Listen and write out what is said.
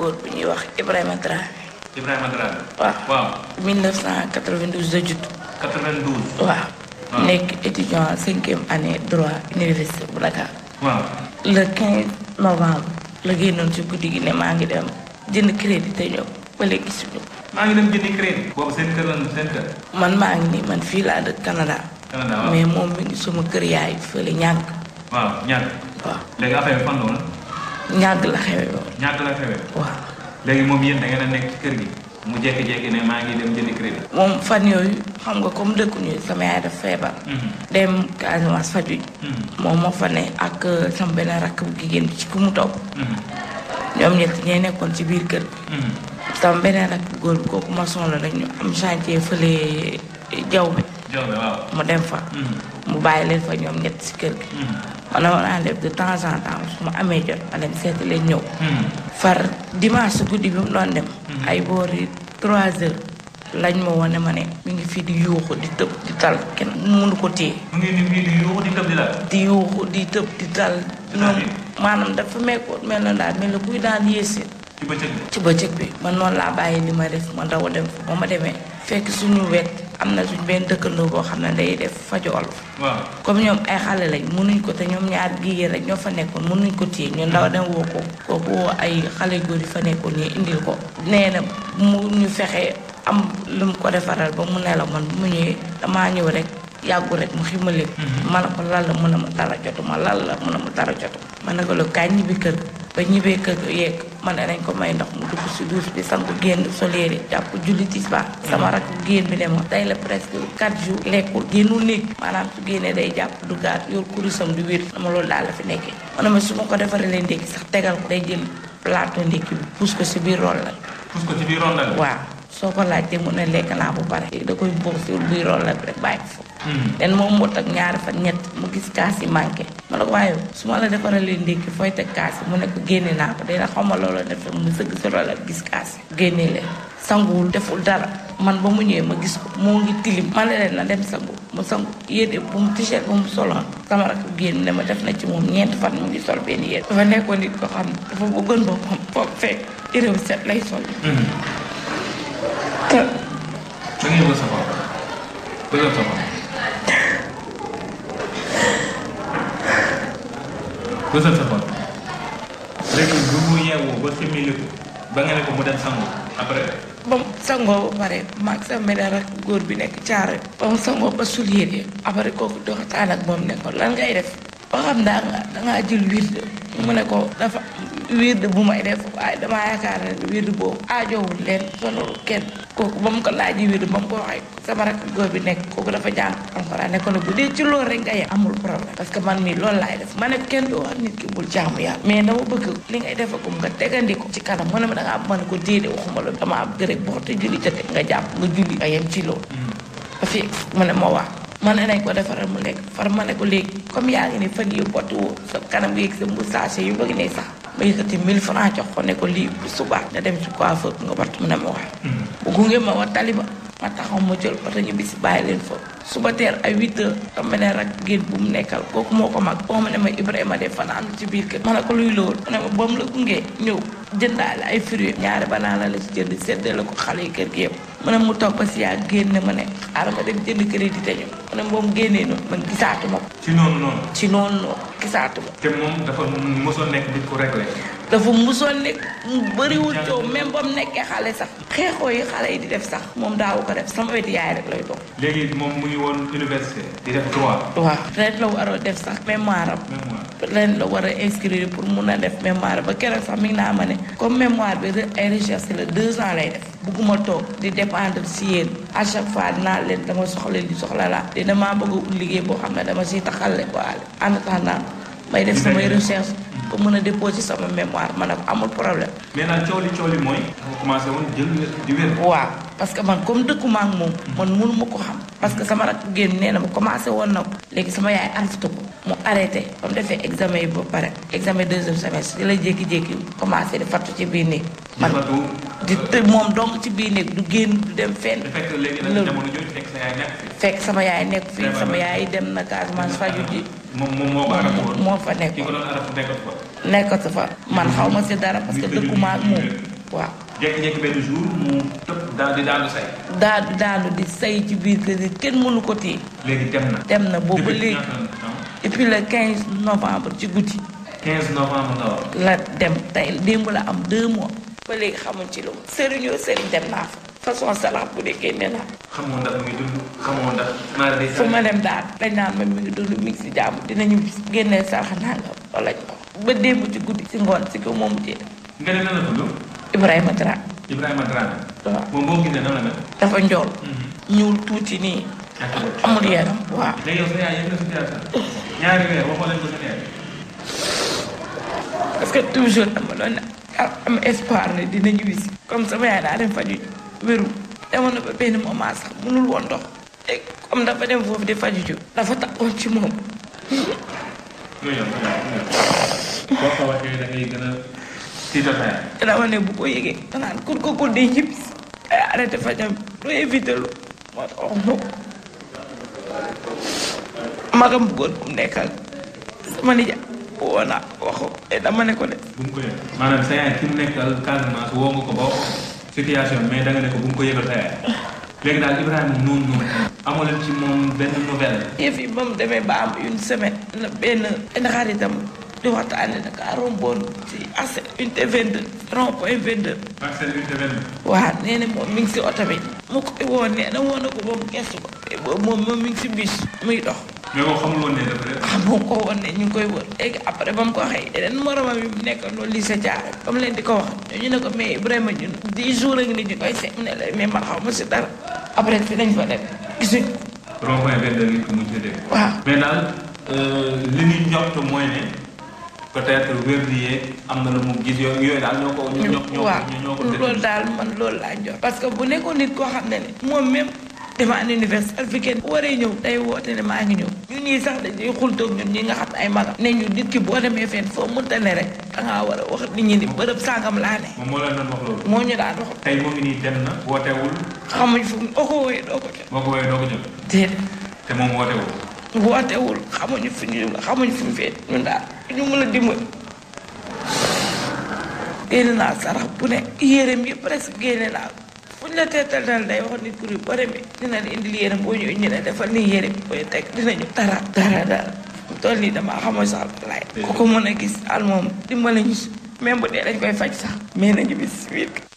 góor bi ñuy wax Ibrahima Dramé. Ibrahima Dramé. waaw waaw. 1992 la judd. 92. waaw. nekk étudiant cinquième année droit université bu Dakar. waaw. le 15 novembre. la génnoon ci guddi gi ne maa ngi dem jënd crédit te ñëw ba léegi suñu. maa ngi dem jëndi crédit. boobu seen kër lan seen kër. man maa ngi nii man fii laa dëkk Canada. Canada waaw mais moom mi ngi sama kër yaay fële ñàgg. waaw ñàgg. waaw léegi affaire bi fan la ñàgg la xewee ñaata la xewee. waaw léegi moom yéen da nekk ci kër gi. mu jékki-jékki ne maa ngi dem jënd crédit. moom fan yooyu xam nga comme dëkkuñu sama yaay daf feebar. Mhm. dem Casamance fajuj. Mhm. moom ak euh, sama bi ci ku mu topp. Mhm. ñoom ñett ñee nekkoon ci biir kër. sama benn rakk bu góor bi kooku maçon la dañu am chantier fële jaww bi. waaw mu dem fa. mu bàyyi leen fa ñoom ñett si kër gi. man dama daan def de temps en temps su ma amee jot ma dem seeti leen ñëw. Hmm. far dimanche guddi bi mu doon dem. Hmm. ay boori trois heures lañ ma woon ma ne mi ngi fii di yuuxu di tëb di tal kenn mënu ko téye. mu ngi fii di yuuxu di tëb di dal. tal. noonu maanaam dafa mekkoon mel na daal mel na kuy daan yéesee. ci bëccëg bi ci man noonu laa bàyyi li ma def ma daw dem ba ma demee fekk suñu wet. am na suñ benn dëkkandoo boo xam ne day def faju olof comme ñoom ay xale lañ mënuñ ko te ñoom ñaar gii rek ñoo fa nekkoon mënuñ ko téye ñu ndaw dem woo ko kooku woo ay xale góor yi fa nekkoon ñu indil ko nee na mu ñu fexe am lu mu ko defaral ba mu ne la man mu ñëwee damaa ñëw rek yàggu rek mu ximali mhm. ma ne ko lan la mun a ma dara jotuma ma lan la mun a mu dara jotu man ne ko lu kaay ñibbi kër ba ñibbee kër yeeg man ne nañ ko may ndox mu dugg si douche bi sangu génn soleere jàpp julli tisbaar sama rak génn bi ne ma tey la presque quatre jours lekkul génnul néeg maanaam su génnee day jàpp duggaat yor kurusam di wér dama loolu daal la fi nekkee ma ne ma su ma ko defaree leen ndékki sax tegal ko day jël plateau ndékki bi pousse ko si biir rondal pousse ko si biir rondal waaw soo ko laajtee mu ne lekk naa bu pare da koy buux siwul buy rool la rek bàyyi ko foofu den hmm. moom moo ak ñaari fan ñett mu gis kaas yi manqué ma waaye su ma la defaralee ndékki fooy teg kaas mu ne ko génne naa ko dina xaw ma loolu sëgg si rool gis kaas yi génne leen sanguwul deful dara man ba mu ñëwee ma gis ko moo ngi tilim ma ne leen na dem sangu mu sangu yére bu mu t bu mu soloon sama rak génn ne ma def na ci moom ñeent fan mu ngi sol benn yére dafa nekkoon nit ko xam ne dafa bëggoon boppam foog fekk yére bu set lay sol hmm. te. da ngay ba nga ne ko mu dem sangoo après. ba mu sangoo ba pare maag sa mbéda rek góor bi nekk caare ba mu sangoo ba sul yére après kooku doxataan ak moom ne ko lan ngay def ba daa nga dangaa jël wirde mu ne ko dafa wirde bu may def waaye damaa yaakaar ne wirde boobu aajowul leen sonalul kenn kooku ba mu ko laajee wér ba mu ko waxee sama rakk góor bi nekk kooku dafa jàng alxuraan ne ne bu rek nga yem amul problème parce que man mii loolu laay def ma a kenn du ko da ngaa ma ne ko déedéet waxuma loolu mm. defaral mu lekk far ma ne ko léegi comme yaa ngi ne fan yii botti woo sa kanam yeeg sa sax ma yëkkati 1000 francs jox ko ne ko lii bu subaa nga dem ci coiffeur nga bort mu ne ma wax mm. bu gunge ma wa taliba ma taxaw ma jël oto ñu bis leen fa suba teel ay huit heures xam nga rak génn bu mu nekkal kooku moo ko mag boo ma ne ma Ibrahima de fanaan ci biir kër ma ne ko luy loolu mu ne ma boom la gungee ñëw jëndaale ay fruits ñaari banaana la ci jënd seddee la ko xale yi kër gi yëpp mu ne mu toog ba si yaa génne ma ne xaaral ma dem jënd crédit te ñu mu ne moom génnee noonu man gisaatu ma ko ci noonu noonu ci noonu noonu gisaatu ma te moom dafa mosoon nekk nit ku réglé dafa musoon ne bëriwul coow même ba mu nekkee xale sax xeexoo yi xale yi di def sax moom daawu ko def sama wetu yaay rek lay toog. léegi moom mu ngi woon université. di def droit. waaw ren la waroo def sax mémoire am. ren la war a inscrire pour mun a def mémoire ba keroog sax mi ngi naa ma ne comme mémoire bi re ay recherche la deux ans lay def bugguma toog di dépendre si yéen à chaque fois dinaa leen dama soxla li soxla laa dina damaa bëgg a liggéey boo xam ne dama siy taxal leen ko en attendant may def samay recherche. ko mën a déposer sama mémoire ma ne ko amul problème. mais nag coow li coow li mooy. dafa commencé woon jël di wér. waaw parce que man comme dëkkuma ak moom. man mënu ma ko xam. parce que sama rakk génn nee na ma commencé woon na ko. léegi sama yaay arrêté ko mu arrêté ba mu defee examen yi ba pare examen deuxième semestre di la jékki-jékki commencé di fattu ci biir nii. man di moom doom ci biir néeg du génn du dem fenn. fekk sama yaay nekk fii dem na Casamance faju ji. moom moo nekk. fa. man xaw dara parce que dëkkuma ak di say. ci biir kenn mënu ko téye. léegi na. dem na boobu ci guddi. tey démb la am 2 mois. ba léegi xamuñ ci lu mu sëriñoo dem naa fa façon salaam bu nekkee nee naa. xamoo ndax mu ngi dund xamoo ndax. fu ma dem daal dañ naan man mi ngi dund mi ngi si jàmm dinañu génneel sarax nangam wala ñu ba démb ci ngoon si ko moomu ci. nga ne nan la tudd. Ibrahima Dramé. Ibrahima Dramé. waaw moom boo gisee nan la mel. dafa njool. Mm-hmm. ñuul tuuti nii. amul yaram waaw. léegi yow sa yaay yëg na que toujours am espoir ne dina ñu wis comme sama yaay daa dem faju wéru demoon na ba benn moment sax mënul woon dox te comme dafa dem foofu di faju ju dafa taxoon ci moom. boo da ngay gën a tiitataay. dama ne bu ko yëgee. danaan kur ko kur day ñibbi day arrêté fajam lu éviter moo tax ma oh magam bëggoon ku nekkal sama nijaay ko woon a wax e eh, dama ne ko de. bu mu ko yëg maanaam sa yaay ki mu nekkal Casamance woo nga ko ba situation mais danga ne ko bu mu ko yëgal sa yaay léegi daal Ibrahima noonu noonu. amoo leen ci moom benn nouvelle. yëf yi ba mu demee ba am une semaine la benn xaritam di waxtaane Dakar romboon ci accès unité 22 rond point 22. accès unité moom mi ngi si oto bi. mu koy woo nee na ko ba gestu ko. moom eh, moom mi ngi si bis muy dox. mais moom xamul woon ne dafa def. ah ko woon ne ñu ngi koy wër léegi après ba mu ko waxee yeneen moromam yi mu nekk loolu lii sa jaar ba mu leen di ko wax ñu ne ko mais Ibrahima ñun dix jours ak nit ñi koy seet mu ne la mais man xaw ma si dara après fi nañ fa dem gisuñ ko. rond-point benn nit ku mujj euh, ñu njort mooy ne mu daal ñoo ko. ñoo ko loolu daal man loolu laa njort. parce que bu nekkoon nit koo xam ne ne moom même. demande universelle fi kenn waree ñëw day woote ne maa ngi ñëw ñun ñii sax dañuy xultoog ñun ñi nga xam ay magam ne ñu nit ki boo demee fenn foo mun ne rek da ngaa war a wax nit ñi ni bërëb sàngam laa ne. moom moo leen doon wax loolu. moo ñu daan wax. tey moo ngi nii dem na wootewul. xamuñ fu mu boo ko wooyee te moom wootewul. wootewul xamuñu fi ñu xamuñ fi mu fee ñun daal ñu mën a dimbali. génne naa sarax bu ne yéreem yi presque génne naa buñ la teetal daal day waxoon nit pour yu bari mi dina la indil yére boo ñu ñu ne defal nii yére bi koy teg dinañu dara dara daal tool nii damaa xamoo sax laay ku ko mën a gis al moom dimbali ñu même bu dee dañ koy faj sax mais nañu bis